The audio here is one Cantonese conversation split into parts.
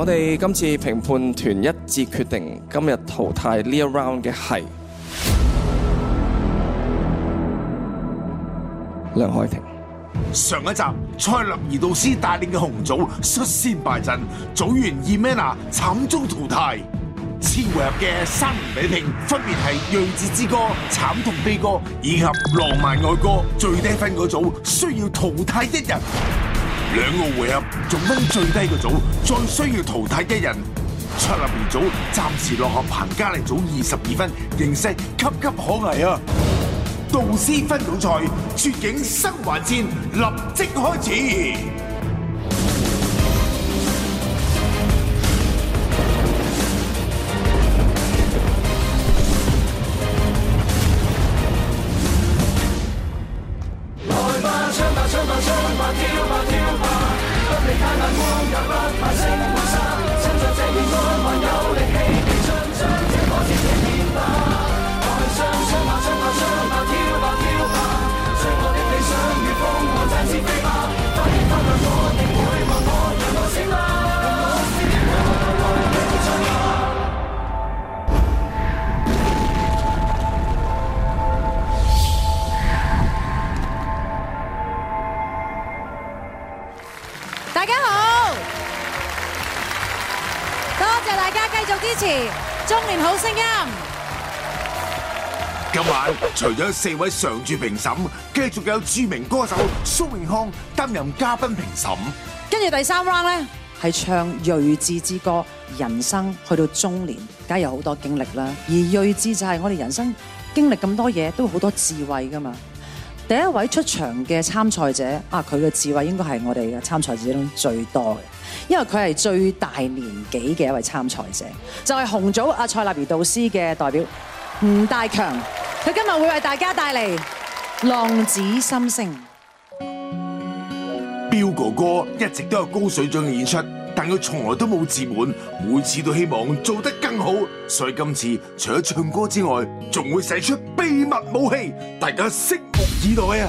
我哋今次評判團一致決定，今日淘汰呢一 round 嘅係梁海婷。上一集，上一集蔡立兒導師帶領嘅紅組率先敗陣，組員伊曼娜慘遭淘汰。次回合嘅三輪比拼分別係《勵志之歌》、《慘痛悲歌》以及《浪漫愛歌》，最低分嗰組需要淘汰一人。兩個回合總分最低嘅組，再需要淘汰一人出，入面組，暫時落後彭嘉麗組二十二分，形勢岌岌可危啊！導師分組賽絕境生還戰立即開始。除咗四位常駐評審，繼續有著名歌手蘇永康擔任嘉賓評審。跟住第三 round 咧，係唱睿智之歌。人生去到中年，梗係有好多經歷啦。而睿智就係我哋人生經歷咁多嘢，都好多智慧噶嘛。第一位出場嘅參賽者啊，佢嘅智慧應該係我哋嘅參賽者中最多嘅，因為佢係最大年紀嘅一位參賽者，就係、是、紅組阿蔡立兒導師嘅代表吳大強。佢今日會為大家帶嚟浪子心聲。彪哥哥一直都有高水準嘅演出，但佢從來都冇自滿，每次都希望做得更好，所以今次除咗唱歌之外，仲會使出秘密武器，大家拭目以待啊！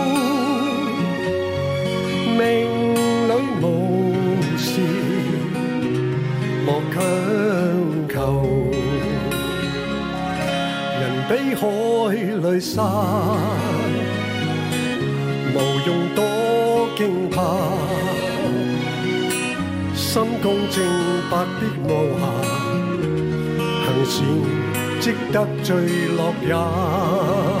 莫強求，人比海裏沙，無用多驚怕。心公正，白璧無瑕，行善積德最樂也。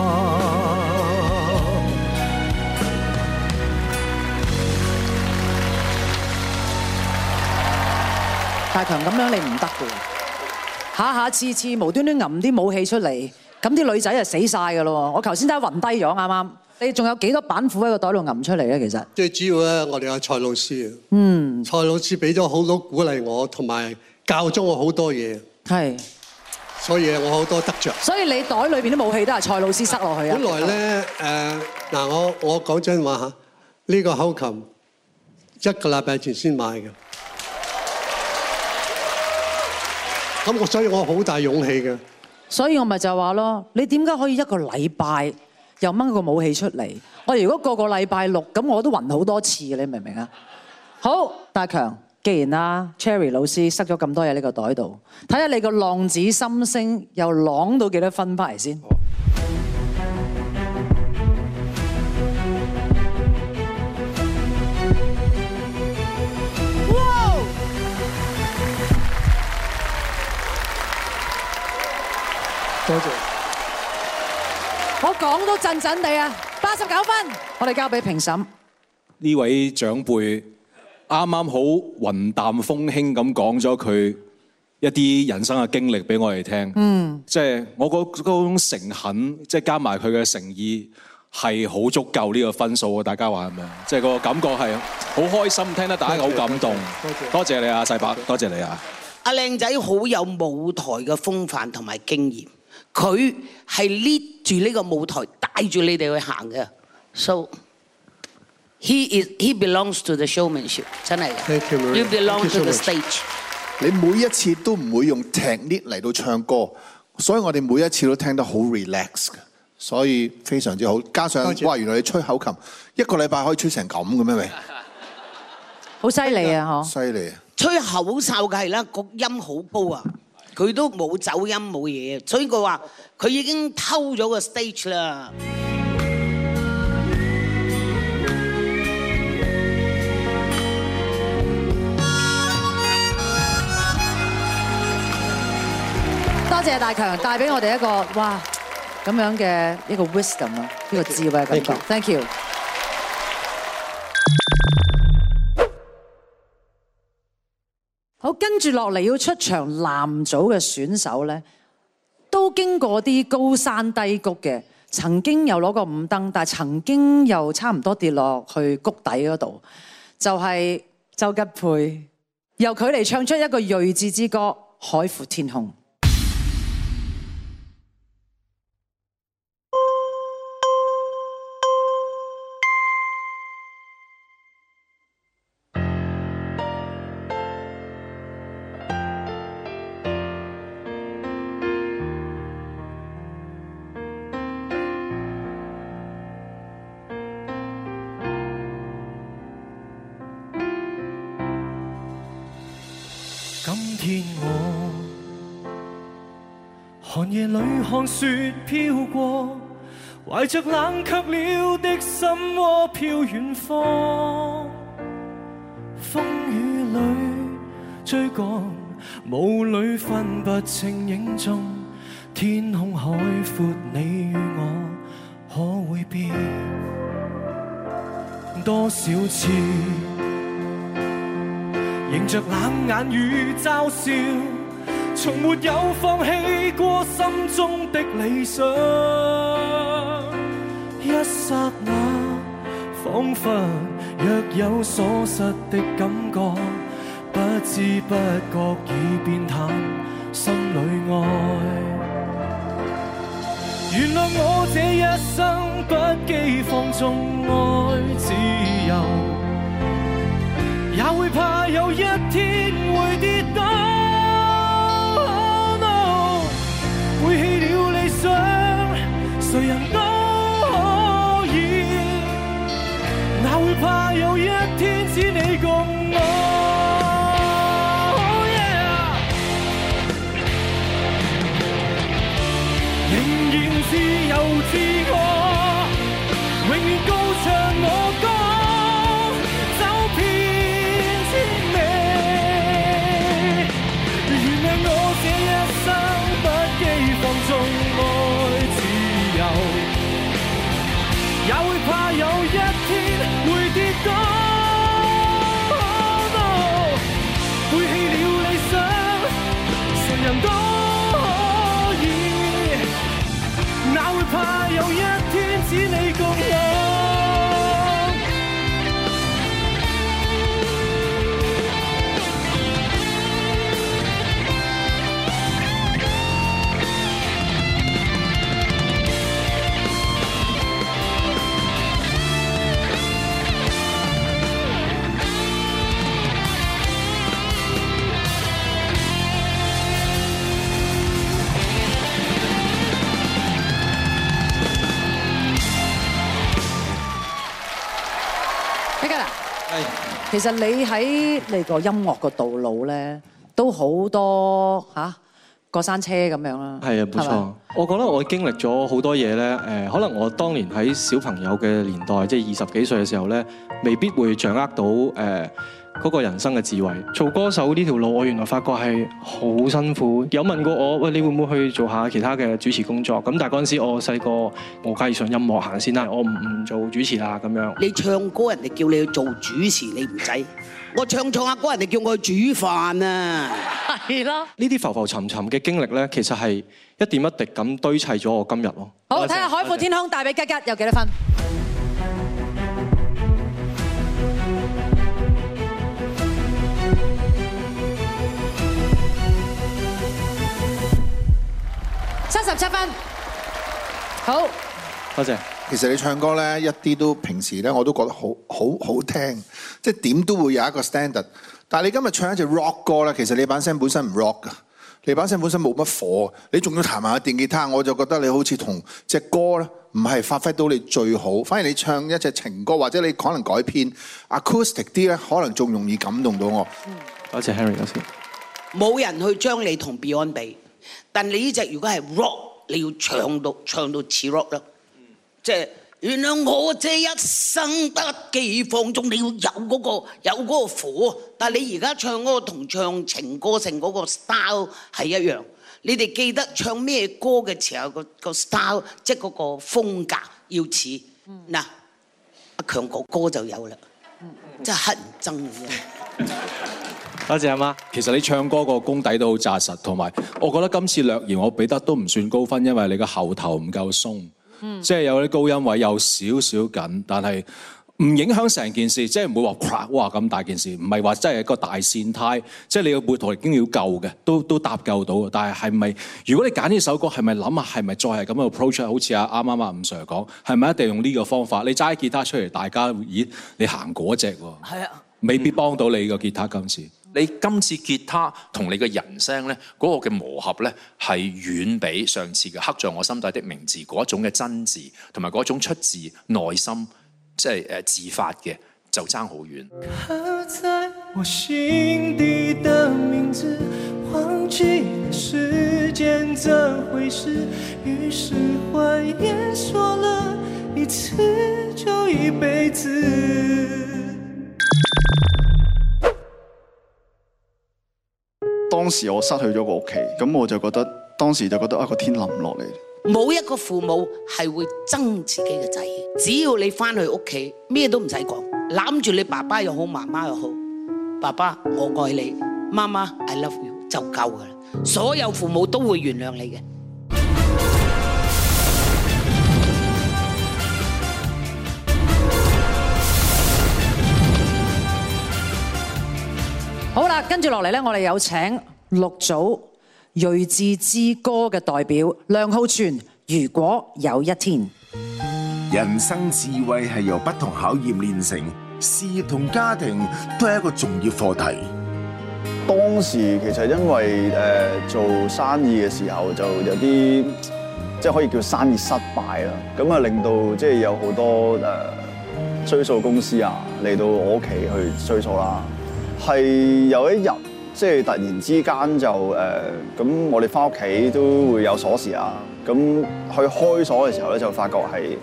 強咁樣你唔得嘅，下下次次無端端揜啲武器出嚟，咁啲女仔就死曬嘅咯。我頭先都係暈低咗啱啱，你仲有幾多板斧喺個袋度揜出嚟咧？其實最主要咧，我哋阿蔡老師啊，嗯，蔡老師俾咗好多鼓勵我，同埋教咗我好多嘢，係是，所以我好多得着。所以你袋裏邊啲武器都係蔡老師塞落去啊。本來咧，誒嗱，我我講真話嚇，呢個口琴一個禮拜前先買嘅。咁我所以，我好大勇氣㗎。所以我咪就話囉，你點解可以一個禮拜又掹個武器出嚟？我如果個個禮拜六，咁我都暈好多次，你明唔明啊？好，大強，既然啦，Cherry 老師塞咗咁多嘢呢個袋度，睇下你個浪子心聲又浪到幾多分翻嚟先。多謝，我講到震震地啊，八十九分，我哋交俾評審。呢位長輩啱啱好雲淡風輕咁講咗佢一啲人生嘅經歷俾我哋聽，嗯，即係我嗰嗰種誠懇，即係加埋佢嘅誠意係好足夠呢個分數啊！大家話係咪？即係個感覺係好開心，聽得大家好感動。多謝，多謝你啊，細伯，多謝你啊。阿靚仔好有舞台嘅風範同埋經驗。佢係 lead 住呢個舞台帶住你哋去行嘅，so he is he belongs to the showmanship，真係，you belong 謝謝 to the stage。你每一次都唔會用 technique 嚟到唱歌，所以我哋每一次都聽得好 relax 嘅，所以非常之好。加上哇，原來你吹口琴一個禮拜可以吹成咁嘅咩？咪好犀利啊！嗬、哎，犀利啊！吹口哨嘅係啦，個音好高啊！佢都冇走音冇嘢，沒事所以佢話佢已經偷咗個 stage 啦。多謝大強帶俾我哋一個哇咁樣嘅一個 wisdom 啦，一個智慧嘅感覺。Thank you。好，跟住落嚟要出場男組嘅選手咧，都經過啲高山低谷嘅，曾經又攞過五燈，但係曾經又差唔多跌落去谷底嗰度，就係、是、周吉佩，由佢嚟唱出一個睿智之歌《海闊天空》。我寒夜裏看雪飄過，懷着冷卻了的心窩飄遠方。風雨裏追趕，霧裏分不清影蹤。天空海闊，你與我可會變多少次？迎着冷眼與嘲笑，從沒有放棄過心中的理想。一剎那，仿佛若有所失的感覺，不知不覺已變淡，心裏愛。原諒我這一生不羈放縱愛自由。也會怕有一天會跌倒，oh no，背棄了理想，誰人都可以，哪會怕有一天只你共我，oh yeah Yeah，仍然自由自我。其實你喺你個音樂嘅道路咧，都好多吓過、啊、山車咁樣啦。係啊，冇錯吧。我覺得我經歷咗好多嘢咧。誒，可能我當年喺小朋友嘅年代，即係二十幾歲嘅時候咧，未必會掌握到誒。嗰個人生嘅智慧，做歌手呢條路，我原來發覺係好辛苦。有問過我，喂，你會唔會去做下其他嘅主持工作？咁但係嗰陣時，我細個，我梗係上音樂行先啦，我唔唔做主持啦咁樣。你唱歌，人哋叫你去做主持，你唔使。我唱唱下歌，人哋叫我去煮飯啊，係啦。呢啲浮浮沉沉嘅經歷咧，其實係一點一滴咁堆砌咗我今日咯。好，睇下海闊天空帶畀吉吉有幾多分？三十七分，好，多謝。其實你唱歌呢，一啲都平時呢，我都覺得好好好聽，即係點都會有一個 standard。但係你今日唱一隻 rock 歌呢，其實你把聲本身唔 rock 㗎，你把聲本身冇乜火，你仲要彈下電吉他，我就覺得你好似同隻歌呢，唔係發揮到你最好，反而你唱一隻情歌或者你可能改編 acoustic 啲呢，可能仲容易感動到我。多謝 Harry，多謝。冇人去將你同 Beyond 比。但你呢隻如果係 rock，你要唱到唱到似 rock 啦，即係、嗯就是、原諒我這一生不羈放縱。你要有嗰、那個有嗰個火，但你而家唱嗰個同唱情歌性嗰個 style 係一樣。你哋記得唱咩歌嘅時候個 style，即係嗰個風格要似嗱，阿、嗯啊、強哥哥就有啦，嗯嗯、真係乞人憎。 多謝阿媽,媽。其實你唱歌個功底都好紮實，同埋我覺得今次略言，我俾得都唔算高分，因為你個喉頭唔夠鬆。嗯、即係有啲高音位有少少緊，但係唔影響成件事，即係唔會話哇咁大件事，唔係話真係一個大線胎，即係你個背度已經要夠嘅，都都搭夠到。但係係咪？如果你揀呢首歌，係咪諗下係咪再係咁樣 approach？好似阿啱啱啊,啊吳 Sir 講，係咪一定要用呢個方法？你揸吉他出嚟，大家咦你行嗰隻喎？係啊，啊未必幫到你、嗯、個吉他今次。你今次吉他同你嘅人聲呢、嗰個嘅磨合呢，係遠比上次嘅刻在我心底的名字 𠮶 種嘅真摯同埋嗰種出自內心，即係誒自發嘅就爭好遠。刻在我心底的名字，忘記了時間這回事，於是謊言說了一次就一輩子。當時我失去咗個屋企，咁我就覺得當時就覺得一個、啊、天冧落嚟。冇一個父母係會憎自己嘅仔，只要你翻去屋企，咩都唔使講，攬住你爸爸又好，媽媽又好，爸爸我愛你，媽媽 I love you 就夠噶啦，所有父母都會原諒你嘅。好啦，跟住落嚟咧，我哋有請六組睿智之歌嘅代表梁浩全。如果有一天，人生智慧係由不同考驗練成，事業同家庭都係一個重要課題。當時其實因為誒、呃、做生意嘅時候就有啲即係可以叫生意失敗啦，咁啊令到即係有好多誒、呃、追數公司啊嚟到我屋企去追數啦。係有一日，即係突然之間就誒，咁我哋翻屋企都會有鎖匙啊。咁去開鎖嘅時候咧，就發覺係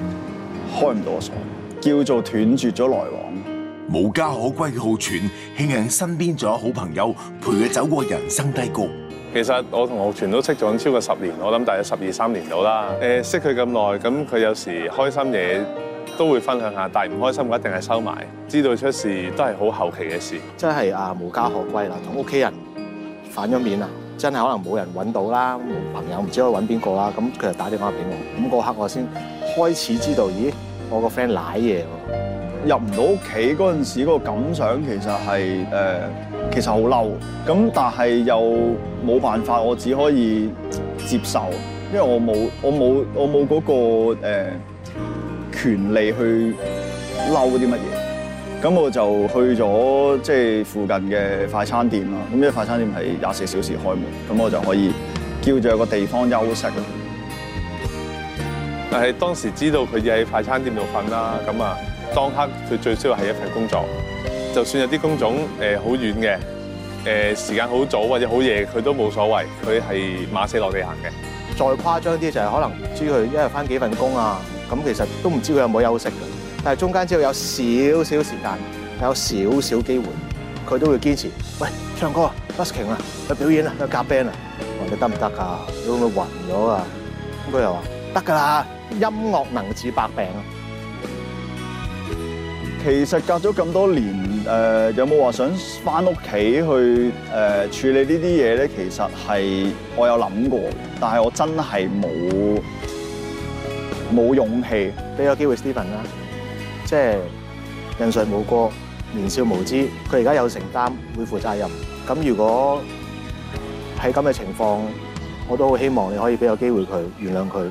開唔到個鎖，叫做斷絕咗來往。無家可歸嘅浩全，慶幸身邊仲有好朋友陪佢走過人生低谷。其實我同浩全都識咗超過十年，我諗大概十二三年到啦。誒，識佢咁耐，咁佢有時開心嘢，都會分享下，但係唔開心嘅一定係收埋。知道出事都係好後期嘅事，真係啊無家可歸啦，同屋企人反咗面啦，真係可能冇人揾到啦，冇朋友唔知可以揾邊個啦，咁佢就打電話俾我，咁嗰刻我先開始知道，咦，我個 friend 賴嘢喎，入唔到屋企嗰陣時嗰個感想其實係誒，其實好嬲，咁但係又冇辦法，我只可以接受，因為我冇我冇我冇嗰個，呃全力去嬲啲乜嘢，咁我就去咗即係附近嘅快餐店啦。咁呢個快餐店係廿四小時開門，咁我就可以叫咗有個地方休息。但係當時知道佢要喺快餐店度瞓啦，咁啊當刻佢最需要係一份工作，就算有啲工種好遠嘅，誒時間好早或者好夜，佢都冇所謂，佢係馬死落地行嘅。再誇張啲就係可能知佢一日翻幾份工啊。咁其實都唔知佢有冇休息嘅，但係中間只要有少少時間，有少少機會，佢都會堅持。喂，唱歌啊，busking 啊，去表演啊，去夾 band 啊，或者得唔得㗎？會唔會暈咗啊？咁佢又話：得㗎啦，音樂能治百病啊！其實隔咗咁多年，誒有冇話想翻屋企去誒處理呢啲嘢咧？其實係我有諗過，但係我真係冇。冇勇氣俾個機會 Stephen 啦，即係人誰無過，年少無知，佢而家有承擔，會負責任。咁如果喺咁嘅情況，我都好希望你可以俾個機會佢，原諒佢。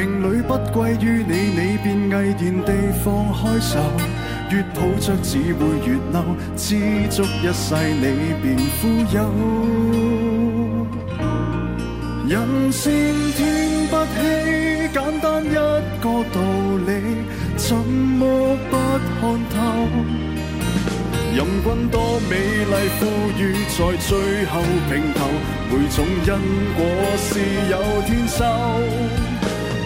命裏不歸於你，你便毅然地放開手，越抱着只會越嬲。知足一世你便富有。人善天不欺，簡單一個道理，怎麼不看透？任君多美麗，富裕在最後平頭，每種因果是有天收。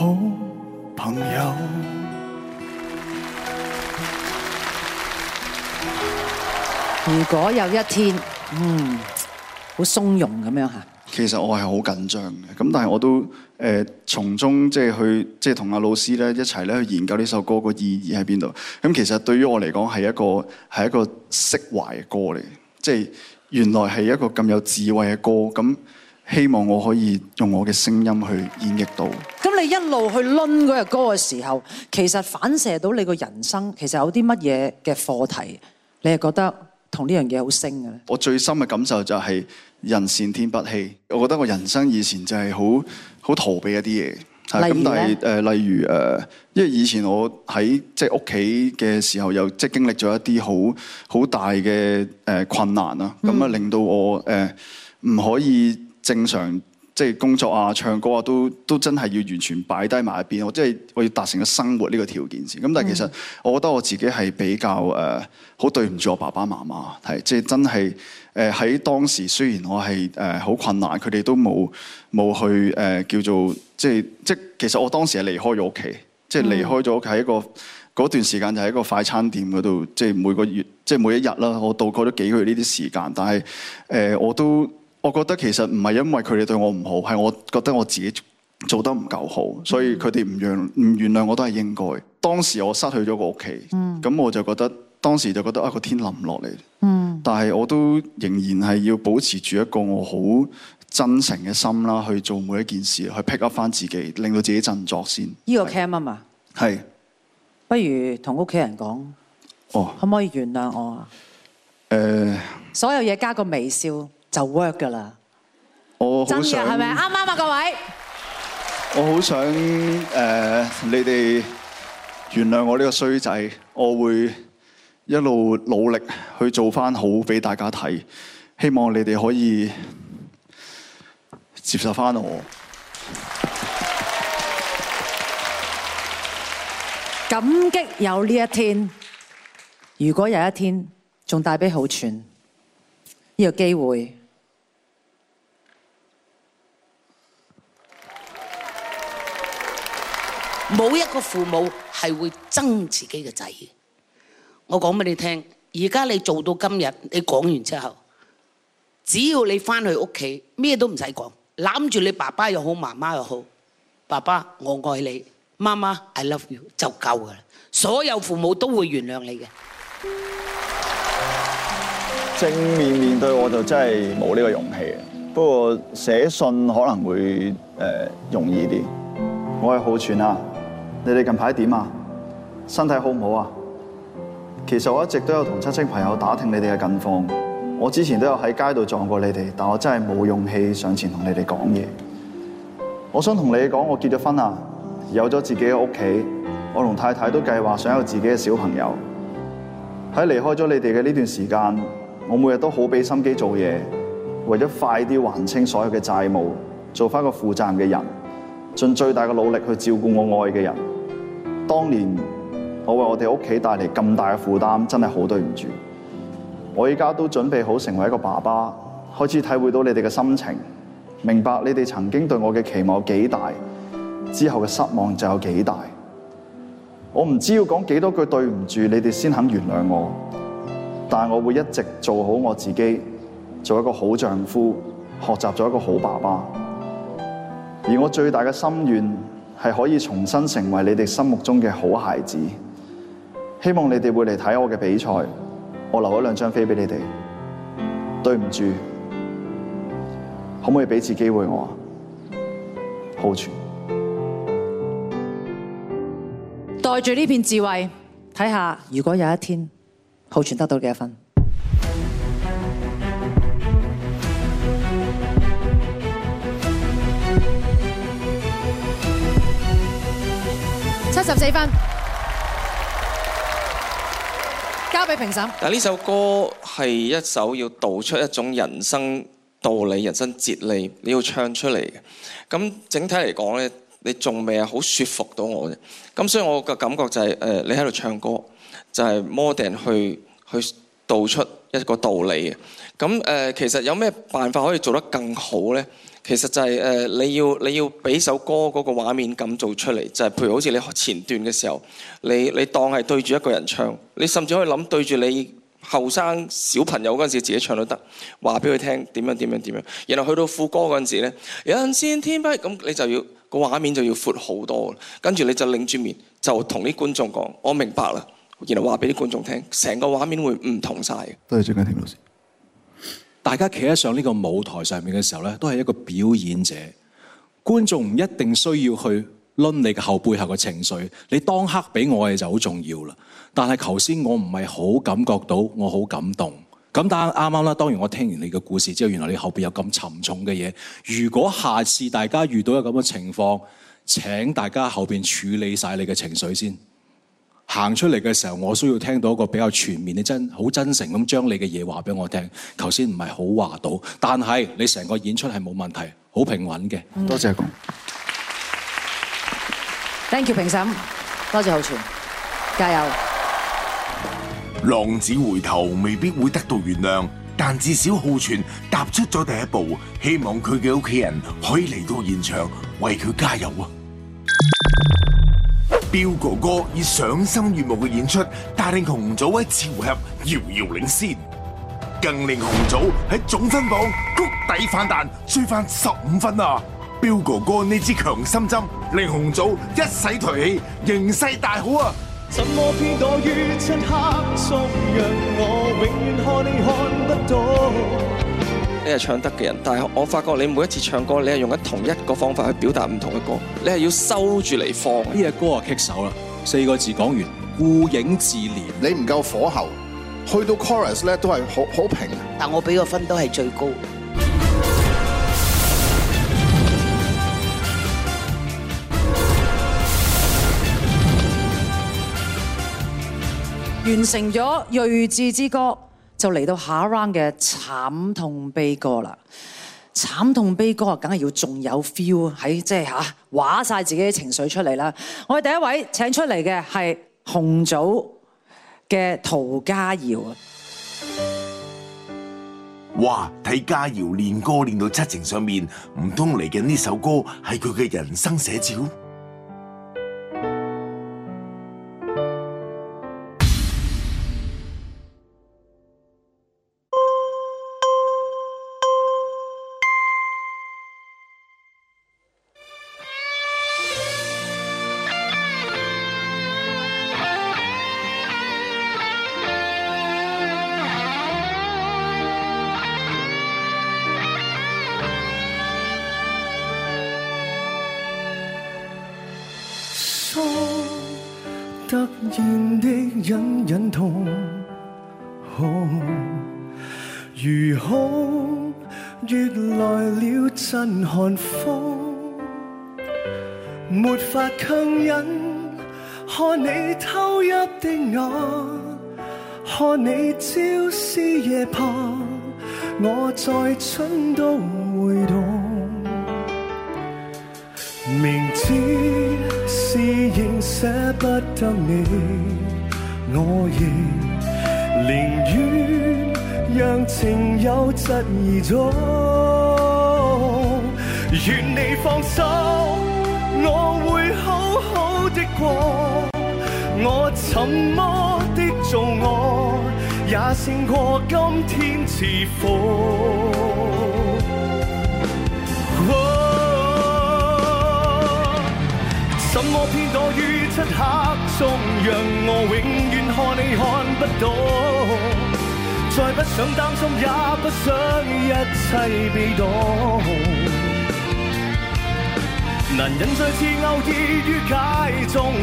好朋友，如果有一天，嗯，好鬆容咁樣吓，其實我係好緊張嘅，咁但係我都誒從中即係去即係同阿老師咧一齊咧去研究呢首歌個意義喺邊度，咁其實對於我嚟講係一個係一個釋懷嘅歌嚟嘅，即係原來係一個咁有智慧嘅歌，咁。希望我可以用我嘅聲音去演繹到。咁你一路去拎嗰日歌嘅時候，其實反射到你個人生，其實有啲乜嘢嘅課題，你係覺得同呢樣嘢好升嘅咧？我最深嘅感受就係人善天不欺。我覺得我人生以前就係好好逃避一啲嘢。例如咧？誒，例如誒，因為以前我喺即係屋企嘅時候，又即係經歷咗一啲好好大嘅誒困難啊，咁啊，令到我誒唔可以。正常即係工作啊、唱歌啊，都都真係要完全擺低埋一邊。我即係我要達成個生活呢個條件先。咁但係其實我覺得我自己係比較誒好、呃、對唔住我爸爸媽媽，係即係真係誒喺當時雖然我係誒好困難，佢哋都冇冇去誒、呃、叫做即係即係其實我當時係離開咗屋企，即係離開咗屋企喺一個嗰段時間就喺一個快餐店嗰度，即係每個月即係每一日啦，我度過咗幾個月呢啲時間，但係誒、呃、我都。我覺得其實唔係因為佢哋對我唔好，係我覺得我自己做得唔夠好，所以佢哋唔讓唔原諒我都係應該。當時我失去咗個屋企，咁、嗯、我就覺得當時就覺得啊個天冧落嚟。嗯、但係我都仍然係要保持住一個我好真誠嘅心啦，去做每一件事，去 pick up 翻自己，令到自己振作先。呢個 cam 啊嘛，係是 不如同屋企人講，哦、可唔可以原諒我啊？呃、所有嘢加個微笑。就 work 噶啦！真嘅，係咪啱啱啊？各位，我好想誒、呃，你哋原諒我呢個衰仔，我會一路努力去做翻好俾大家睇，希望你哋可以接受翻我。感激有呢一天，如果有一天仲帶俾好處呢個機會。冇一個父母係會憎自己嘅仔嘅。我講俾你聽，而家你做到今日，你講完之後，只要你翻去屋企，咩都唔使講，攬住你爸爸又好，媽媽又好，爸爸我愛你，媽媽 I love you 就夠噶啦。所有父母都會原諒你嘅。正面面對我就真係冇呢個勇氣嘅。不過寫信可能會誒容易啲。我係好串啊。你哋近排點啊？身體好唔好啊？其實我一直都有同親戚朋友打聽你哋嘅近況。我之前都有喺街度撞過你哋，但我真係冇勇氣上前同你哋講嘢。我想同你講，我結咗婚啊，有咗自己嘅屋企，我同太太都計劃想有自己嘅小朋友。喺離開咗你哋嘅呢段時間，我每日都好俾心機做嘢，為咗快啲還清所有嘅債務，做翻個負責任嘅人，盡最大嘅努力去照顧我愛嘅人。當年我為我哋屋企帶嚟咁大嘅負擔，真係好對唔住。我依家都準備好成為一個爸爸，開始體會到你哋嘅心情，明白你哋曾經對我嘅期望有幾大，之後嘅失望就有幾大。我唔知要講幾多句對唔住，你哋先肯原諒我，但係我會一直做好我自己，做一個好丈夫，學習做一個好爸爸。而我最大嘅心願。係可以重新成為你哋心目中嘅好孩子，希望你哋會嚟睇我嘅比賽，我留咗兩張飛俾你哋。對唔住，可唔可以俾次機會我啊？浩全，帶住呢片智慧，睇下如果有一天浩全得到幾多分。十四分，交俾評審。但係呢首歌係一首要道出一種人生道理、人生哲理，你要唱出嚟嘅。咁整體嚟講呢，你仲未係好説服到我嘅。咁所以我個感覺就係、是、誒，你喺度唱歌就係模擬去去道出一個道理嘅。咁誒、呃，其實有咩辦法可以做得更好呢？其實就係誒，你要你要俾首歌嗰個畫面咁做出嚟，就係、是、譬如好似你前段嘅時候，你你當係對住一個人唱，你甚至可以諗對住你後生小朋友嗰陣時自己唱都得，話俾佢聽點樣點樣點樣。然後去到副歌嗰陣時呢，有陣先天不咁，你就要個畫面就要闊好多，跟住你就擰住面就同啲觀眾講，我明白啦，然後話俾啲觀眾聽，成個畫面會唔同晒。多謝張佳添老師。大家企喺上呢個舞台上面嘅時候呢，都係一個表演者。觀眾唔一定需要去論你嘅後背後嘅情緒，你當刻畀我嘅就好重要啦，但係頭先我唔係好感覺到，我好感動。咁但啱啱啦，當然我聽完你嘅故事之後，原來你後面有咁沉重嘅嘢。如果下次大家遇到有噉嘅情況，請大家後面處理晒你嘅情緒先。行出嚟嘅時候，我需要聽到一個比較全面嘅真，好真誠咁將你嘅嘢話俾我聽。頭先唔係好話到，但係你成個演出係冇問題，好平穩嘅。多、嗯、謝，謝。Thank you 評審，多謝，謝浩全，加油！浪子回頭未必會得到原諒，但至少浩全踏出咗第一步，希望佢嘅屋企人可以嚟到現場為佢加油啊！彪哥哥以賞心悅目嘅演出，帶領紅組喺潮汐遙遙領先，更令紅組喺總分榜谷底反彈，追翻十五分啊！彪哥哥呢支強心針，令紅組一洗頹氣，形勢大好啊！怎麼偏躲於漆黑中，讓我永遠看你看不到。你係唱得嘅人，但係我發覺你每一次唱歌，你係用緊同一個方法去表達唔同嘅歌。你係要收住嚟放呢隻歌就棘手啦！四個字講完，顧影自憐，你唔夠火候，去到 chorus 呢都係好好平。但我俾個分都係最高的。完成咗《睿智之歌》。就嚟到下一 round 嘅慘痛悲歌啦，慘痛悲歌啊，梗係要仲有 feel 喺，即係嚇，畫曬自己嘅情緒出嚟啦。我哋第一位請出嚟嘅係紅組嘅陶家瑤啊！哇，睇家瑤練歌練到七情上面，唔通嚟緊呢首歌係佢嘅人生寫照？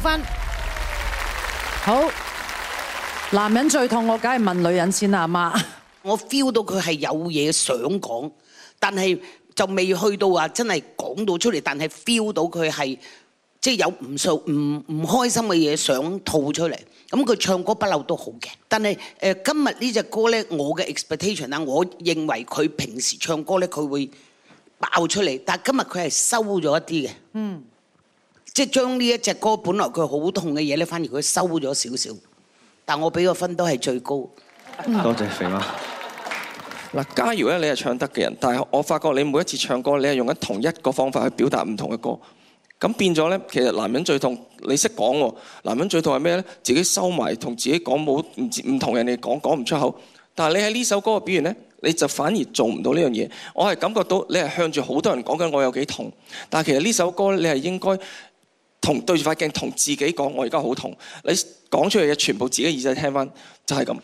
分好，男人最痛，我梗係問女人先啦，阿媽。我 feel 到佢係有嘢想講，但係就未去到話真係講到出嚟，但係 feel 到佢係即係有唔受唔唔開心嘅嘢想吐出嚟。咁佢唱歌不嬲都好嘅，但係誒今日呢隻歌呢，我嘅 expectation 啊，我認為佢平時唱歌呢佢會爆出嚟，但係今日佢係收咗一啲嘅。嗯。即係將呢一隻歌，本來佢好痛嘅嘢咧，反而佢收咗少少。但我俾個分都係最高。多、嗯、謝謝肥媽。嗱，嘉瑤咧，你係唱得嘅人，但係我發覺你每一次唱歌，你係用緊同一個方法去表達唔同嘅歌。咁變咗咧，其實男人最痛，你識講喎。男人最痛係咩咧？自己收埋，同自己講冇，唔唔同人哋講，講唔出口。但係你喺呢首歌嘅表現咧，你就反而做唔到呢樣嘢。我係感覺到你係向住好多人講緊我有幾痛，但係其實呢首歌你係應該。同對住塊鏡同自己講，我而家好痛。你講出去嘅全部自己耳仔聽翻，就係咁。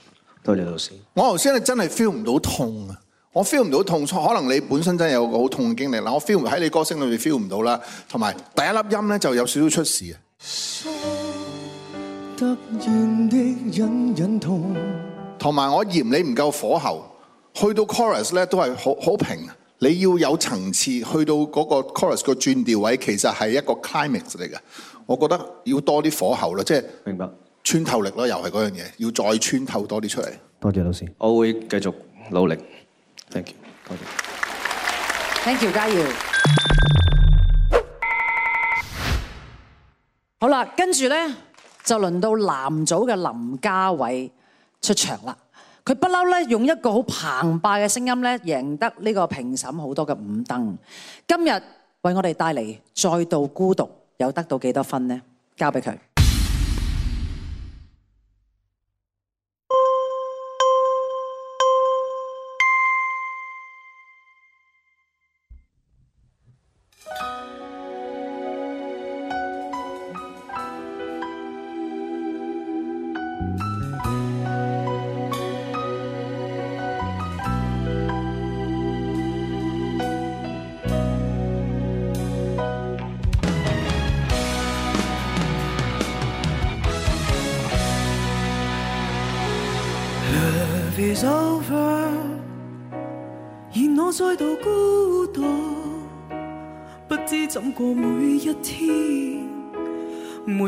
多謝老師。我頭先係真係 feel 唔到痛啊！我 feel 唔到痛，可能你本身真係有個好痛嘅經歷。嗱，我 feel 唔喺你歌聲裏面 feel 唔到啦。同埋第一粒音咧就有少少出事啊。突然嘅隱隱痛。同埋我嫌你唔夠火候，去到 chorus 咧都係好平。你要有層次，去到嗰個 chorus 個轉調位，其實係一個 climax 嚟嘅。我覺得要多啲火候啦，即係穿透力咯，明白。又係嗰樣嘢，要再穿透多啲出嚟。多謝，謝老師，我會繼續努力。Thank you，多謝，謝。Thank you，嘉耀。謝謝，好啦，跟住呢，就輪到男組嘅林嘉偉出場啦。佢不嬲咧，一用一個好澎湃嘅聲音咧，贏得呢個評審好多嘅五燈，今日為我哋帶嚟再度孤獨，有得到幾多分咧？交畀佢。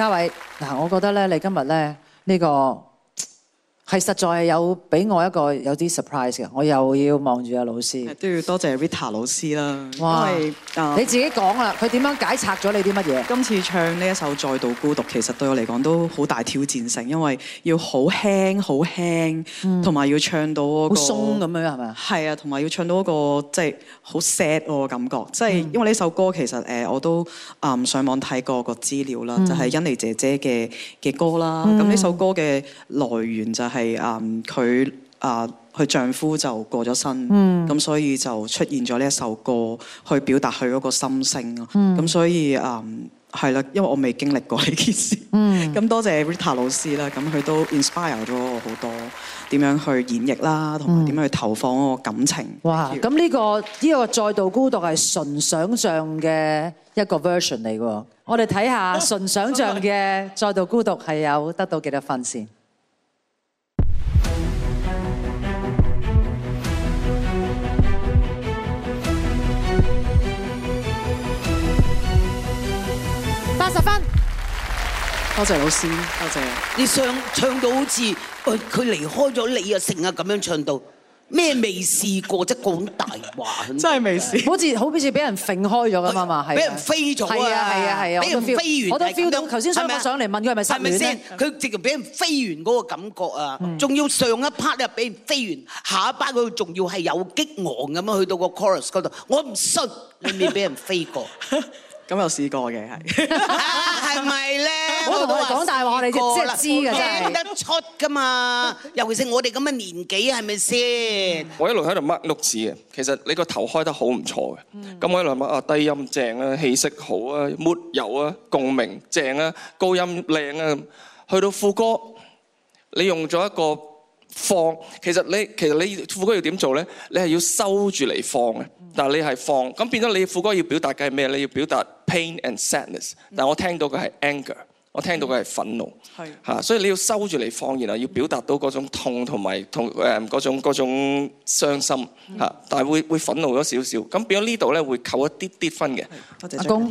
家偉，嗱，我覺得咧，你今日咧呢個。係實在係有俾我一個有啲 surprise 嘅，我又要望住阿老師，都要多謝 Rita 老師啦。哇！你自己講啦，佢點樣解拆咗你啲乜嘢？今次唱呢一首《再度孤獨》其實對我嚟講都好大挑戰性，因為要好輕好輕同埋要唱到好鬆咁樣係咪啊？係啊、嗯，同埋要唱到一個即係好 sad 個感覺，即係因為呢首歌其實誒我都誒上網睇過個資料啦，嗯、就係甄妮姐姐嘅嘅歌啦。咁呢、嗯、首歌嘅來源就係。係嗯，佢啊，佢丈夫就過咗身，咁、嗯、所以就出現咗呢一首歌，去表達佢嗰個心聲咯。咁、嗯、所以嗯，係啦，因為我未經歷過呢件事，咁、嗯、多謝 Rita 老師啦，咁佢都 inspire 咗我好多，點樣去演繹啦，同埋點樣去投放我感情。哇！咁呢、呢個呢、呢個再度孤獨係純想象嘅一個 version 嚟噶，我哋睇下純想象嘅再度孤獨係有得到幾多分先。多謝老師，多謝你唱唱到好似佢佢離開咗你啊，成日咁樣唱到咩未試過，即講大話，真係未試，好似好似俾人揈開咗咁啊嘛，係俾人飛咗啊，係啊係啊係啊，俾人飛完，我都 feel 到，頭先上上嚟問佢係咪失戀咧，佢直情俾人飛完嗰個感覺啊，仲要上一 part 咧俾人飛完，下一 part 佢仲要係有激昂咁樣去到個 chorus 嗰度，我唔信，你未俾人飛過。咁又試過嘅係，係咪咧？我同佢哋講大話，我哋即係知嘅，正得出㗎嘛！尤其是我哋咁嘅年紀，係咪先？我一路喺度 mark 碌字嘅，其實你個頭開得好唔錯嘅。咁我一路 mark 啊，低音正啦，氣息好啊，沒油啊，共鳴正啊，高音靚啊，去到副歌，你用咗一個。放，其實你其實你副歌要點做咧？你係要收住嚟放嘅，但係你係放，咁變咗你副歌要表達嘅係咩咧？你要表達 pain and sadness，但我聽到嘅係 anger，我聽到嘅係憤怒，嚇，所以你要收住嚟放，然後要表達到嗰種痛同埋痛誒嗰種嗰種傷心嚇，但係會會憤怒咗少少，咁變咗呢度咧會扣一啲啲分嘅。多謝阿公，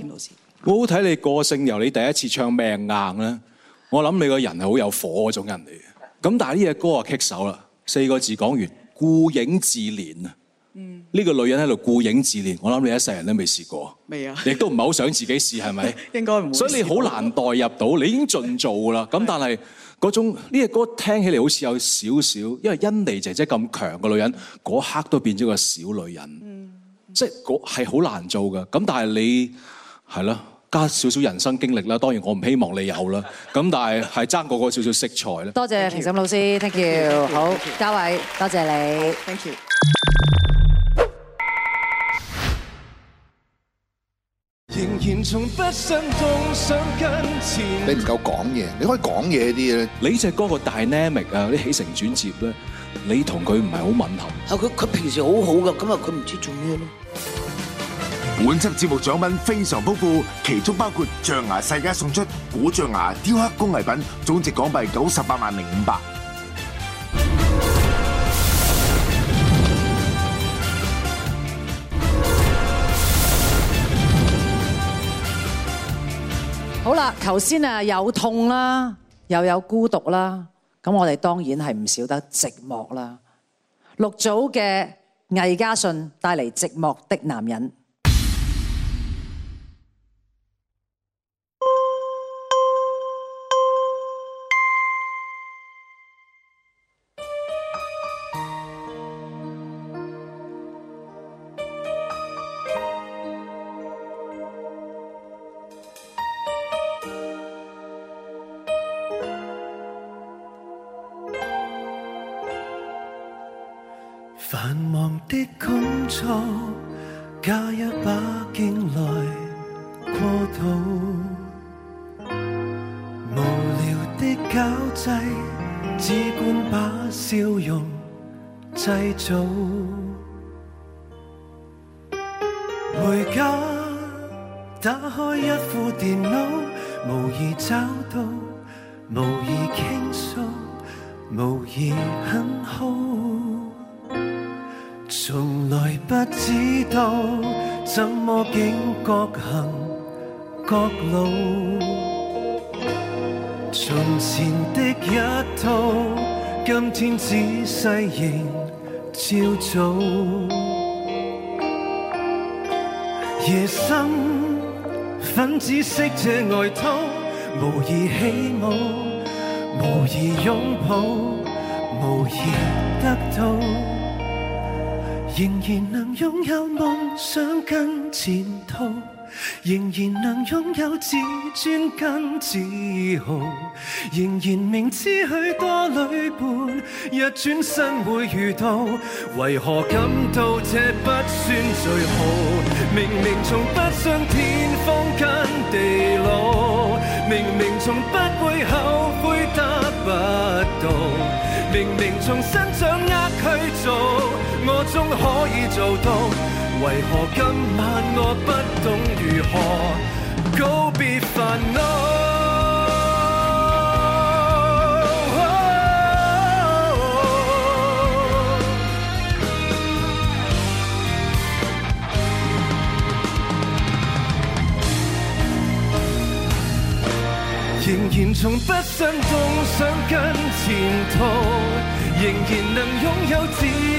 好好睇你個性，由你第一次唱命硬咧，我諗你個人係好有火嗰種人嚟嘅。咁但係呢隻歌啊，棘手啦，四個字講完，顧影自憐啊。嗯，呢個女人喺度顧影自憐，我諗你一世人都未試過，未啊？亦都唔係好想自己試，係咪？應該唔會。所以你好難代入到，你已經盡做啦。咁但係嗰種呢隻歌聽起嚟好似有少少，因為欣妮姐姐咁強嘅女人，嗰刻都變咗個小女人。嗯，即係嗰係好難做嘅。咁但係你係咯。加少少人生經歷啦，當然我唔希望你有啦。咁但係係爭嗰個少少色彩啦。多謝評審老師，thank you。好，嘉偉，多謝你，thank you。你唔夠講嘢，你可以講嘢啲咧。你隻歌個 dynamic 啊，啲起承轉接咧，你同佢唔係好吻合。嚇，佢，佢平時好好㗎，咁啊佢唔知做咩囉。本集節目獎品非常豐富，其中包括象牙世家送出古象牙雕刻工藝品，總值港幣九十八萬零五百。好啦，頭先啊，有痛啦，又有孤獨啦，咁我哋當然係唔少得寂寞啦。六組嘅魏嘉信帶嚟寂寞的男人。家打開一副電腦，無疑找到，無疑傾訴，無疑很好。從來不知道，怎麼竟各行各路。從前的一套，今天仔細仍照做。夜深，粉紫色這外套，無疑起舞，無疑擁抱，無疑得到，仍然能擁有夢想跟前途。仍然能擁有自尊跟自豪，仍然明知許多侶伴一轉身會遇到，為何感到這不算最好？明明從不信天荒跟地老，明明從不會後悔得不到，明明從身掌握去做，我終可以做到。為何今晚我不懂如何告別煩惱？仍然從不振作，想跟前途，仍然能擁有自。.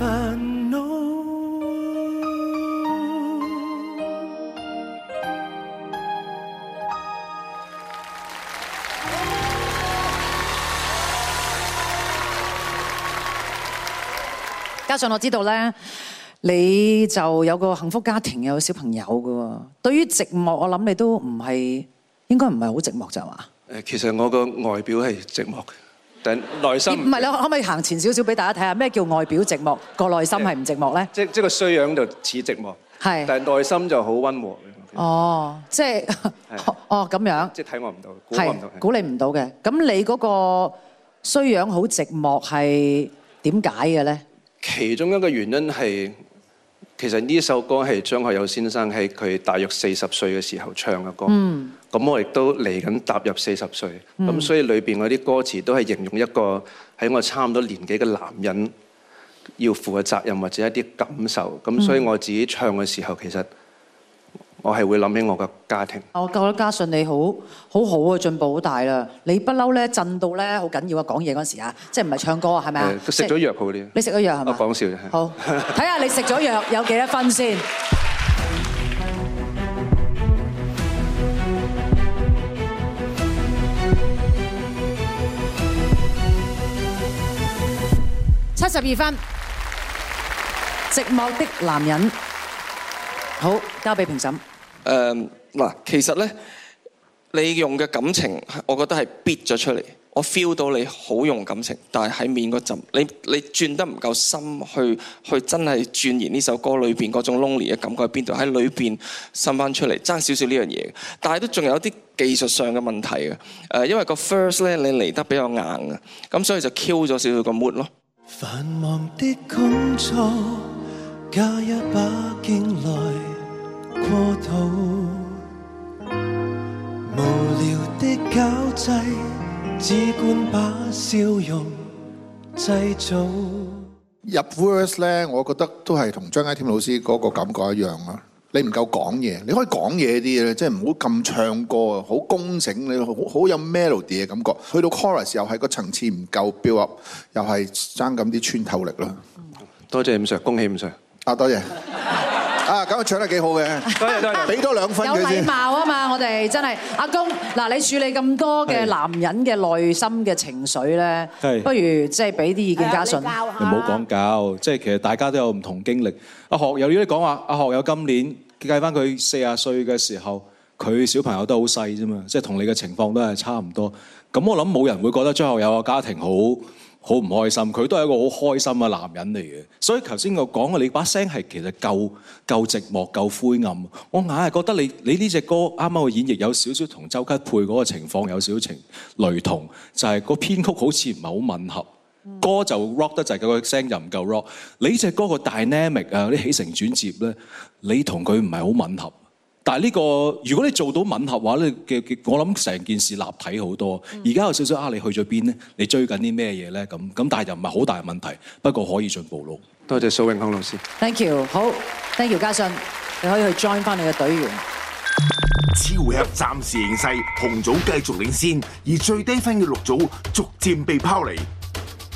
煩惱。 加上我知道咧，你就有個幸福家庭，有個小朋友噶。對於寂寞，我諗你都唔係，應該唔係好寂寞就係嘛？誒，其實我個外表係寂寞嘅。但係內心，唔係你可唔可以行前少少俾大家睇下咩叫外表寂寞，個內心係唔寂寞咧？即即個衰樣就似寂寞，係是，但係內心就好溫和。哦，即係，是哦咁樣，即係睇我唔到，估唔到，估是你唔到嘅。咁你嗰個衰樣好寂寞係點解嘅咧？其中一個原因係，其實呢首歌係張學友先生喺佢大約四十歲嘅時候唱嘅歌。嗯咁我亦都嚟緊踏入四十歲，咁所以裏邊嗰啲歌詞都係形容一個喺我差唔多年紀嘅男人要負嘅責任或者一啲感受，咁所以我自己唱嘅時候，其實我係會諗起我嘅家庭。我覺得家順你好好好好好嘅進步好大啦！你不嬲咧震到咧，好緊要啊！講嘢嗰時啊，即係唔係唱歌啊？係咪？食咗藥好啲，就是。你食咗藥係咪？我講笑啫。好，睇下你食咗藥有幾多分先。 七十二分，寂寞的男人，好交俾評審。誒，嗱，其實咧，你用嘅感情，我覺得係逼咗出嚟。我 feel 到你好用的感情，但係喺面嗰陣，你你轉得唔夠深，去去真係鑽研呢首歌裏邊嗰種 lonely 嘅感覺喺邊度，喺裏邊滲翻出嚟，爭少少呢樣嘢。但係都仲有啲技術上嘅問題嘅。誒，因為個 first 咧，你嚟得比較硬嘅，咁所以就 kill 咗少少個 mood 咯。繁忙的工作，加一把勁來過渡；無聊的交際，只管把笑容製造。入 Words 呢，我覺得都係同張佳添老師嗰個感覺一樣咯。你唔夠講嘢，你可以講嘢啲嘢咧，即係唔好咁唱歌啊，好工整，你好好有 melody 嘅感覺。去到 chorus 又係個層次唔夠 build up，又係爭咁啲穿透力啦。多謝伍 Sir，恭喜伍 Sir。啊，多謝。啊，咁我唱得幾好嘅，俾多兩分佢先。有禮貌啊嘛，我哋真係，阿公嗱，你處理咁多嘅男人嘅內心嘅情緒咧，不如即係俾啲意見嘉信。唔好講教，即係其實大家都有唔同經歷。阿學友呢啲講話，阿學友今年計翻佢四十歲嘅時候，佢小朋友都好細啫嘛，即係同你嘅情況都係差唔多。咁我諗冇人會覺得張學友嘅家庭好。好唔開心，佢都係一個好開心嘅男人嚟嘅，所以頭先我講嘅，你把聲係其實夠夠寂寞、夠灰暗，我硬係覺得你你呢隻歌啱啱嘅演繹有少少同周吉佩嗰個情況有少少雷同，就係個編曲好似唔係好吻合，嗯、歌就 rock 得、那個、就係個聲就唔夠 rock，你隻歌個 dynamic 啊啲起承轉接呢，你同佢唔係好吻合。但係、這、呢個，如果你做到吻合嘅話咧嘅，我諗成件事立體好多。而家有少少啊，你去咗邊呢？你追緊啲咩嘢咧？咁咁，但係又唔係好大嘅問題。不過可以進步咯。多謝蘇永康老師。Thank you。好，Thank you，嘉信，你可以去 join 返你嘅隊員。呢回合暫時形勢，紅組繼續領先，而最低分嘅綠組逐漸被拋離，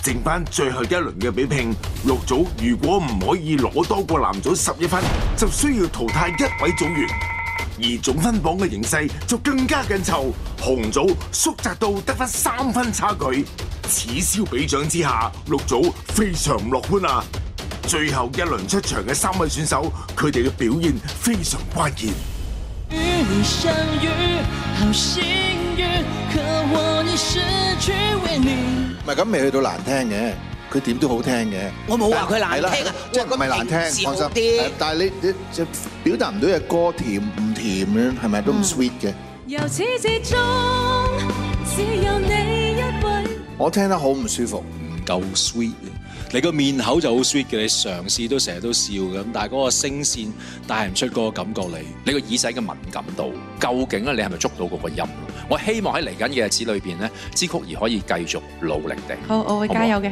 剩返最後一輪嘅比拼。綠組如果唔可以攞多過藍組十一分，就需要淘汰一位組員。而總分榜嘅形勢就更加緊湊，紅組縮窄到得返三分差距，此消彼長之下，綠組非常唔樂觀啊！最後一輪出場嘅三位選手，佢哋嘅表現非常關鍵。唔係噉，未去到難聽嘅。佢點都好聽嘅，我冇話佢難聽啊，即係唔係難聽，放心。但係你你就表達唔到嘅歌甜唔甜咁，係咪都唔 sweet 嘅？由始至終只有你一位。我聽得好唔舒服，唔夠 sweet。你個面口就好 sweet 嘅，你嘗試都成日都笑咁，但係嗰個聲線帶唔出嗰個感覺嚟。你個耳仔嘅敏感度究竟咧，你係咪捉到嗰個音？我希望喺嚟緊嘅日子裏邊咧，支曲兒可以繼續努力地。好，我會加油嘅。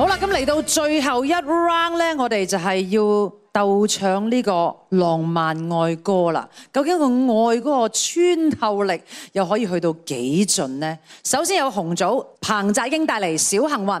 好啦，咁嚟到最後一 round 呢，我哋就係要鬥唱呢個浪漫愛歌啦。究竟愛嘅穿透力又可以去到幾盡呢？首先有紅組彭澤英帶嚟《小幸運》。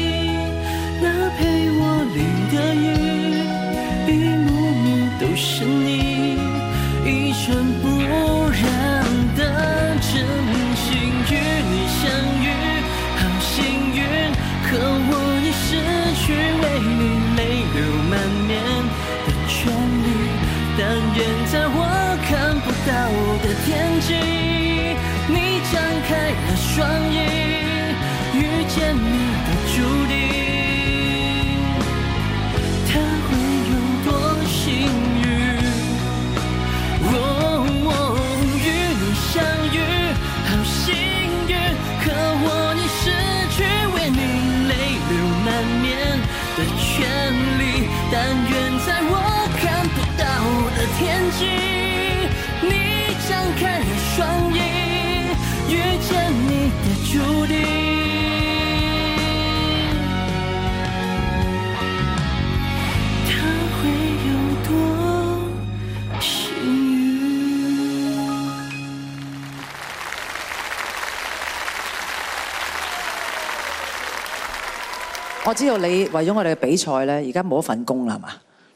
我知道你為咗我哋嘅比賽咧，而家冇一份工啦，係嘛？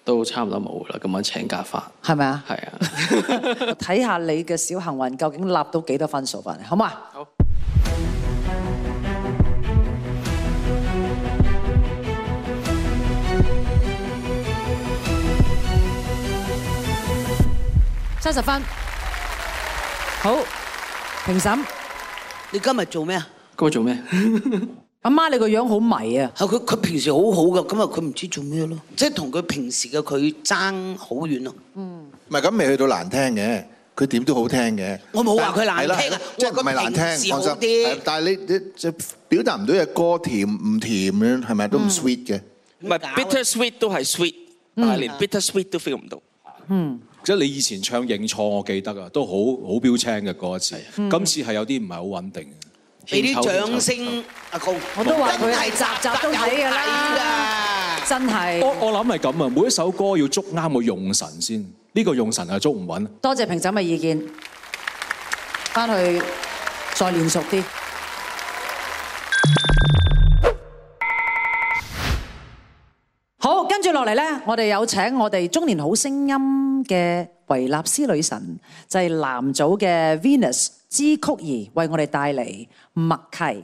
都差唔多冇啦，咁樣請假翻，係咪啊？係啊，睇下你嘅小幸運究竟立到幾多分數翻嚟，好嘛？好。三十分。好，評審，你今日做咩啊？今日做咩？阿媽，你個樣好迷啊！佢佢平時好好㗎，咁啊佢唔知做咩咯。即係同佢平時嘅佢爭好遠咯。嗯。唔係咁，未去到難聽嘅，佢點都好聽嘅。我冇話佢難聽啊。即係佢係難聽，況但係你你即係表達唔到嘅歌甜唔甜咁係咪都唔 sweet 嘅？唔係，bitter sweet 都係 sweet，但係連 bitter sweet 都 feel 唔到。嗯。即係你以前唱認錯，我記得啊，都好好標青嘅歌詞今次係有啲唔係好穩定。畀啲掌聲，我都話佢係集集都睇嘅啦，真係。我我諗係咁啊，每一首歌要捉啱個用神先，呢個用神係捉唔穩。多謝評審嘅意見，返去再練熟啲。好，跟住落嚟呢，我哋有請我哋中年好聲音嘅維納斯女神，就係男組嘅 Venus。知曲兒為我哋帶嚟默契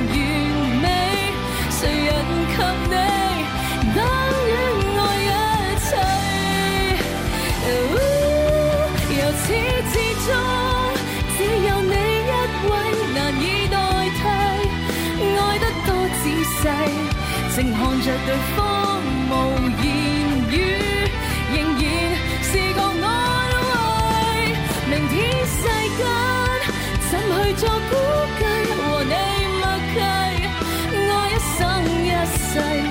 靜看着對方無言語，仍然是個安慰。明天世間怎去作估計？和你默契，愛一生一世。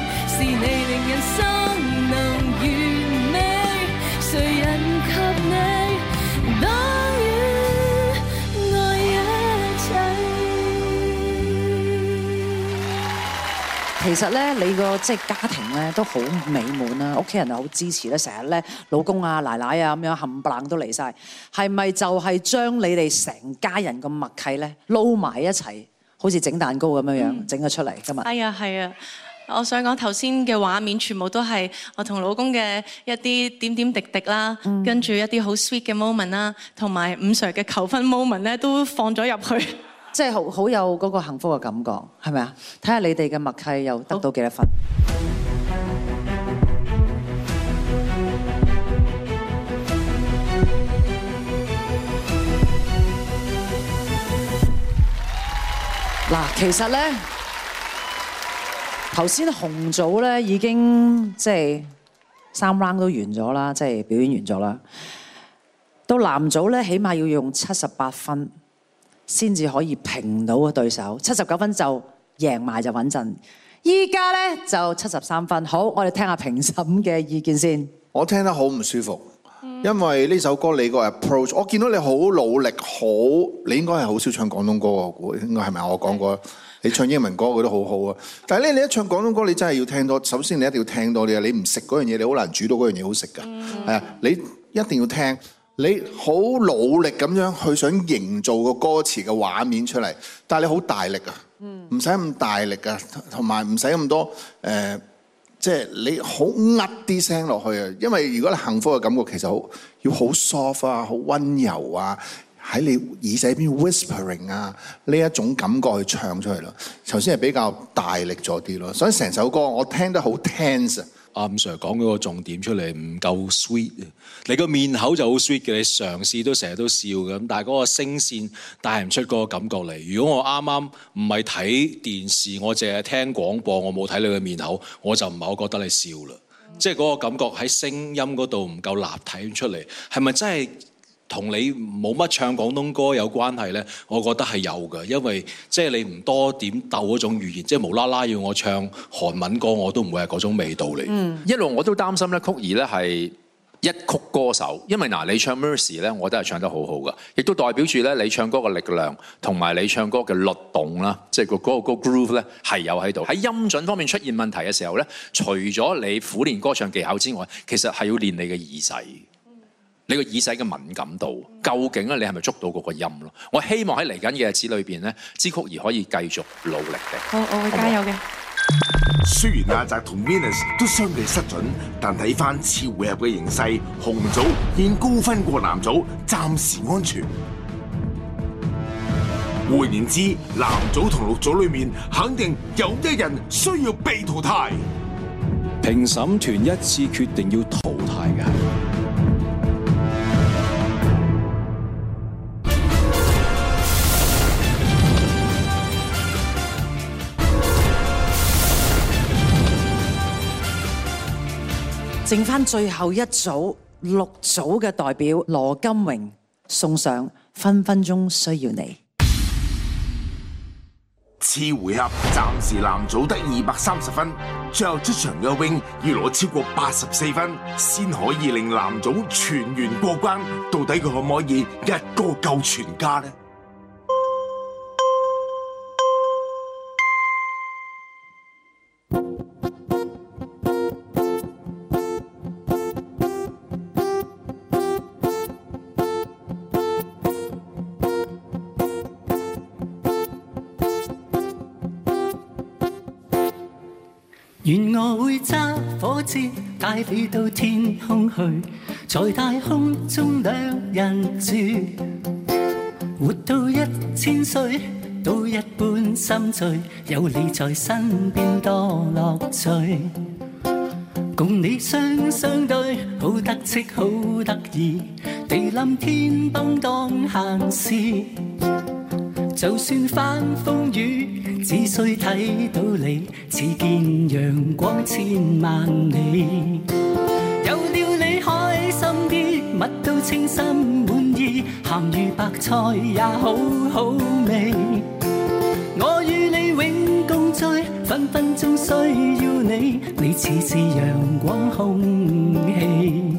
其實呢，你個即係家庭呢都好美滿啦，屋企人又好支持咧，成日咧老公啊、奶奶啊咁樣冚唪唥都嚟晒。係咪就係將你哋成家人嘅默契咧撈埋一齊，好似整蛋糕咁樣整咗出嚟㗎嘛？係啊係啊，我想講頭先嘅畫面全部都係我同老公嘅一啲點點滴滴啦，嗯、跟住一啲好 sweet 嘅 moment 啦，同埋伍 sir 嘅求婚 moment 咧都放咗入去。即係好有嗰個幸福嘅感覺，係咪啊？睇下你哋嘅默契又得到幾多分好？嗱，其實呢頭先紅組呢已經即係三 round 都完咗啦，即係表演完咗啦。到藍組呢，起碼要用七十八分。先至可以平到個對手，七十九分就贏埋就穩陣。依家呢，就七十三分，好，我哋聽下評審嘅意見先。我聽得好唔舒服，因為呢首歌你個 approach，我見到你好努力，好，你應該係好少唱廣東歌嘅，我估，應該係咪我講過？你唱英文歌，佢都好好啊。但係呢，你一唱廣東歌，你真係要聽多，首先你一定要聽多啲啊！你唔食嗰樣嘢，你好難煮到嗰樣嘢好食㗎。係啊、嗯，你一定要聽。你好努力咁樣去想營造個歌詞嘅畫面出嚟，但係你好大力啊，唔使咁大力啊，同埋唔使咁多即係、呃就是、你好呃啲聲落去啊，因為如果你幸福嘅感覺其實好要好 soft 啊，好溫柔啊，喺你耳仔邊 whispering 啊，呢一種感覺去唱出嚟咯。頭先係比較大力咗啲咯，所以成首歌我聽得好 tense 啊。阿、啊、吳 sir 講嗰個重點出嚟唔夠 sweet，你個面口就好 sweet 嘅，你嘗試都成日都笑嘅，但係嗰個聲線帶唔出嗰個感覺嚟。如果我啱啱唔係睇電視，我淨係聽廣播，我冇睇你嘅面口，我就唔係好覺得你笑啦，即係嗰個感覺喺聲音嗰度唔夠立體出嚟，係咪真係？同你冇乜唱廣東歌有關係呢，我覺得係有㗎，因為即係你唔多點鬥嗰種語言，即係無啦啦要我唱韓文歌，我都唔會係嗰種味道嚟。嗯，一路我都擔心曲兒呢係一曲歌手，因為嗱你唱 Mercy 呢，我都係唱得好好噶，亦都代表住呢，你唱歌嘅力量同埋你唱歌嘅律動啦，即係個 groove 呢，係有喺度。喺音準方面出現問題嘅時候呢，除咗你苦練歌唱技巧之外，其實係要練你嘅耳仔。你個耳仔嘅敏感度究竟咧，你係咪捉到嗰個音咯？我希望喺嚟緊嘅日子裏邊咧，支曲兒可以繼續努力嘅。好，我會加油嘅。好，好雖然阿澤同 Venus 都相對失準，好但睇翻次回合嘅形勢，紅組現高分過藍組，暫時安全。換言之，藍組同綠組裏面肯定有一人需要被淘汰。評審團一次決定要淘汰嘅。剩翻最後一組，六組嘅代表羅金榮送上《分分鐘需要你》。次回合暫時藍組得二百三十分，最後出場嘅 Wing 要攞超過八十四分，先可以令藍組全員過關。到底佢可唔可以一個救全家呢？飛到天空去，在太空中兩人住，活到一千歲都一般心醉，有你在身邊多樂趣。共你相相對，好得戚好得意，地冧天崩當閒事。就算翻風雨，只需睇到你，似見陽光千萬里。有了你，開心啲，乜都稱心滿意，鹹魚白菜也好好味。我與你永共聚，分分鐘需要你，你似是陽光空氣。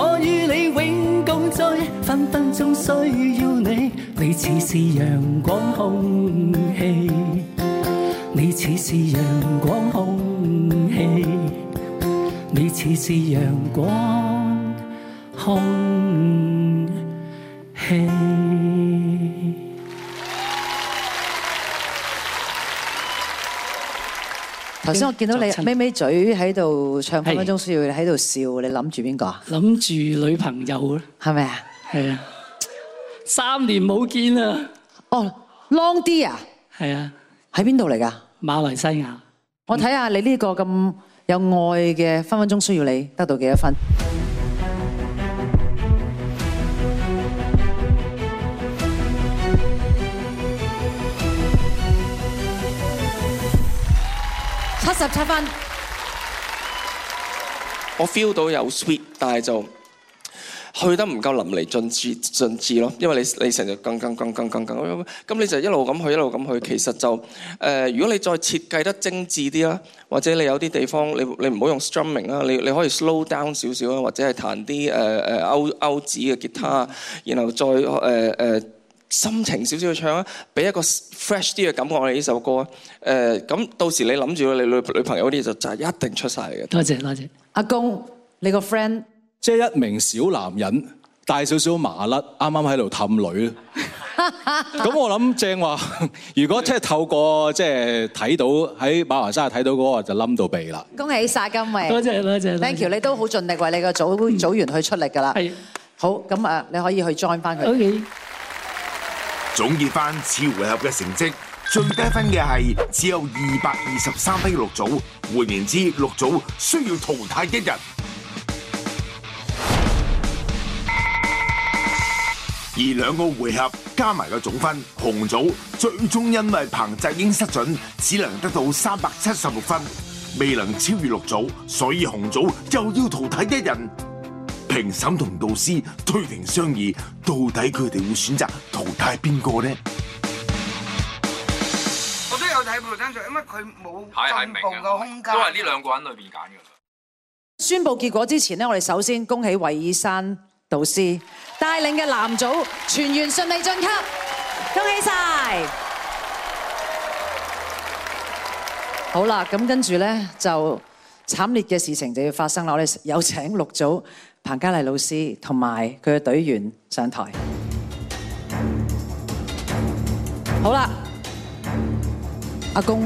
我與你永共聚，分分鐘需要你，你似是陽光空氣，你似是陽光空氣，你似是陽光空氣。頭先我見到你咪咪嘴喺度唱分分鐘需要你喺度的笑，你諗住邊個啊？諗住女朋友咯，係咪啊？係啊，三年冇見啊。哦，Long dear，係啊，喺邊度嚟噶？馬來西亞。我睇下你呢個咁有愛嘅分分鐘需要你得到幾多分？十七分，我 feel 到有 sweet，但係就去得唔夠淋漓盡致盡致咯。因為你你成日咁咁咁咁咁咁咁，你就一路咁去一路咁去。其實就誒、呃，如果你再設計得精緻啲啦，或者你有啲地方你你唔好用 strumming 啦，你你, ming, 你，你可以 slow down 少少啊，或者係彈啲誒誒歐歐指嘅吉他，然後再誒誒。呃呃心情少少去唱啊，俾一個 fresh 啲嘅感覺我哋呢首歌啊。咁到時你諗住你女女朋友嗰啲就就一定出晒嘅。多謝多謝，阿公，你個 friend 即係一名小男人，帶少少麻甩，啱啱喺度氹女。咁 我諗正話，如果即係透過即係睇到喺馬雲山睇到嗰個就冧到鼻啦。恭喜晒金維。多謝多謝。Thank you。謝謝你都好盡力為你個組組員去出力㗎啦。係。好，咁啊，你可以去 join 翻佢。總結翻次回合嘅成績，最低分嘅係只有二百二十三分嘅綠組。換言之，綠組需要淘汰一人。而兩個回合加埋個總分，紅組最終因為彭澤英失準，只能得到三百七十六分，未能超越綠組，所以紅組又要淘汰一人。評審同導師推評商議，到底佢哋會選擇淘汰邊個咧？我都有睇《部爭才》，因為佢冇進步嘅空間。都係呢兩個人裏邊揀嘅。宣布結果之前咧，我哋首先恭喜韋以山導師帶領嘅男組全員順利晉級，恭喜晒！好啦，咁跟住咧就慘烈嘅事情就要發生啦！我哋有請六組，彭嘉麗老師同埋佢嘅隊員上台。好啦，阿公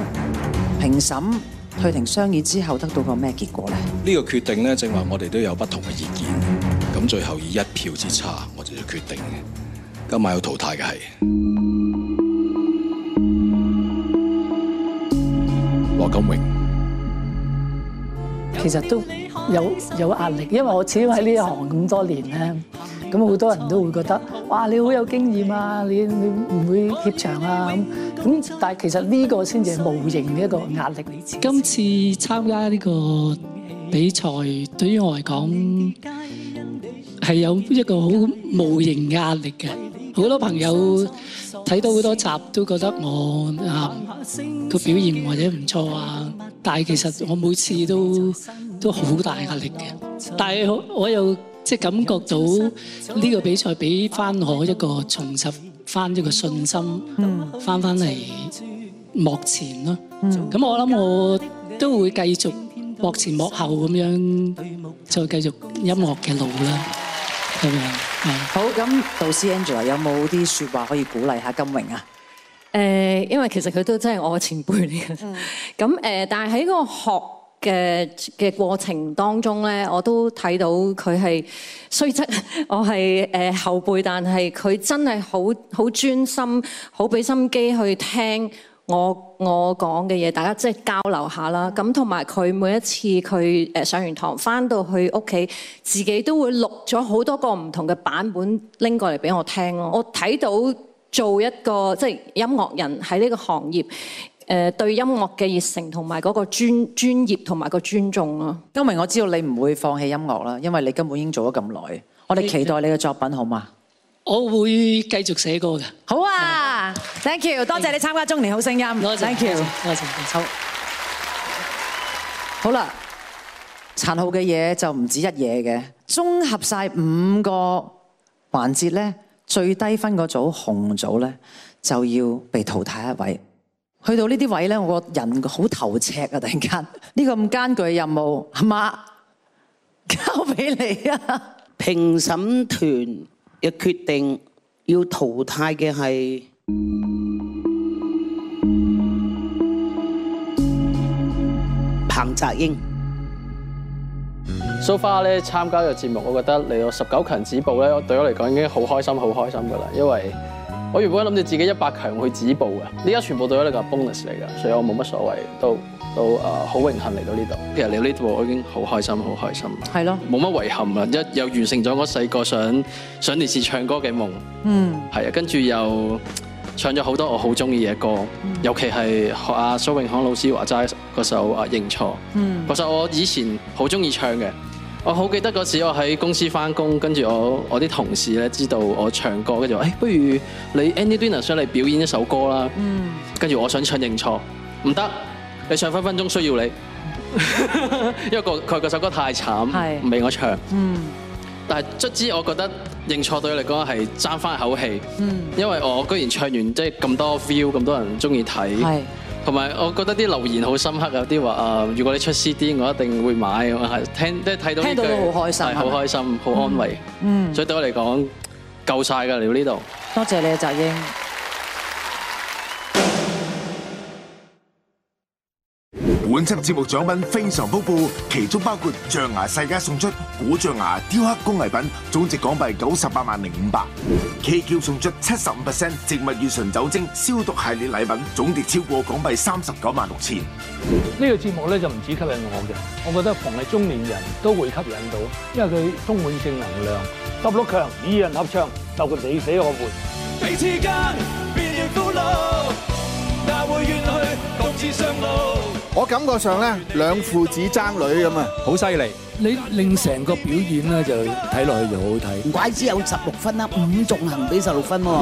評審退庭商議之後得到個咩結果呢？呢個決定咧，正話我哋都有不同嘅意見。咁最後以一票之差，我就要決定。今晚要淘汰嘅係羅金榮。其實都。有有壓力，因為我始終喺呢一行咁多年咧，咁好多人都會覺得，哇！你好有經驗啊，你你唔會怯場啊咁咁，但係其實呢個先至係無形嘅一個壓力。今次參加呢個比賽，對於我嚟講係有一個好無形嘅壓力嘅。好多朋友睇到好多集都覺得我啊個表現或者唔錯啊，但係其實我每次都。都好大壓力嘅，但係我又即係感覺到呢個比賽俾翻我一個重拾翻一個信心，翻翻嚟幕前咯。咁我諗我都會繼續幕前幕後咁樣再繼續音樂嘅路啦。咁樣好。咁，導師 Angela 有冇啲説話可以鼓勵下金榮啊？誒，因為其實佢都真係我嘅前輩嚟嘅。咁誒，但係喺個學嘅嘅過程當中呢，我都睇到佢係。雖則我係呃後輩，但係佢真係好好專心，好俾心機去聽我我講嘅嘢。大家即係交流一下啦。咁同埋佢每一次佢上完堂，返到去屋企，自己都會錄咗好多個唔同嘅版本拎過嚟畀我聽。我睇到做一個即係、就是、音樂人喺呢個行業。誒對音樂嘅熱誠同埋嗰個專專業同埋個尊重咯。因為，我知道你唔會放棄音樂啦，因為你根本已經做咗咁耐。我哋期待你嘅作品，好嘛？我會繼續寫歌嘅。好啊，Thank you，多謝你參加《中年好聲音》。多謝，Thank you，多謝。好啦，殘酷嘅嘢就唔止一嘢嘅，綜合晒五個環節咧，最低分嗰組紅組咧就要被淘汰一位。去到呢啲位咧，我個人好頭赤啊！突然間呢、呢個咁艱巨嘅任務，阿媽交俾你啊！評審團嘅決定要淘汰嘅係彭澤英。So far 呢參加呢個節目，我覺得嚟到十九強止步對我對我嚟講已經好開心、好開心噶啦，因為。我原本諗住自己一百強去止步嘅，而家全部都係一個 bonus 嚟㗎，所以我冇乜所謂。都，都、呃、很來到啊，好榮幸嚟到呢度。其實嚟到呢度我已經好開心，好開心。係咯的，冇乜遺憾啊！一又完成咗我細個想上電視唱歌嘅夢。嗯，係、嗯、啊，跟住又唱咗好多我好中意嘅歌，尤其係學阿蘇永康老師話齋嗰首啊認錯。嗯，其實我以前好中意唱嘅。我好記得嗰時我喺公司翻工，跟住我我啲同事咧知道我唱歌，跟住話，誒，不如你 Andy Diner 上嚟表演一首歌啦。跟住、嗯、我想唱認錯，唔得，你唱分分鐘需要你， 因為個佢嗰首歌太慘，唔俾是 我唱。嗯、但係卒之我覺得認錯對你嚟講係爭翻口氣，嗯、因為我居然唱完即係咁多 feel，咁多人中意睇。同埋，我覺得啲留言好深刻，有啲話啊，如果你出 CD，我一定會買咁啊，聽即係睇到呢句，係好開心，好對對吧 安慰。嗯，對吧 所以對我嚟講夠晒㗎，嚟到呢度。多謝你，澤英。本集節目獎品非常豐富，其中包括象牙世家送出古象牙雕刻工藝品，總值港幣九十八萬零五百；KQ 送出七十五%植物與醇酒精消毒系列禮品，總值超過港幣三十九萬六千。呢個節目咧就唔止吸引我嘅，我覺得逢係中年人都會吸引到，因為佢充滿正能量。十六強以人合唱，就個你死我活，彼此間變人到老。我感覺上咧，兩父子爭女咁啊，好犀利！你令成個表演咧就睇落去就好睇。唔怪只有十六分啦，伍仲衡俾十六分喎。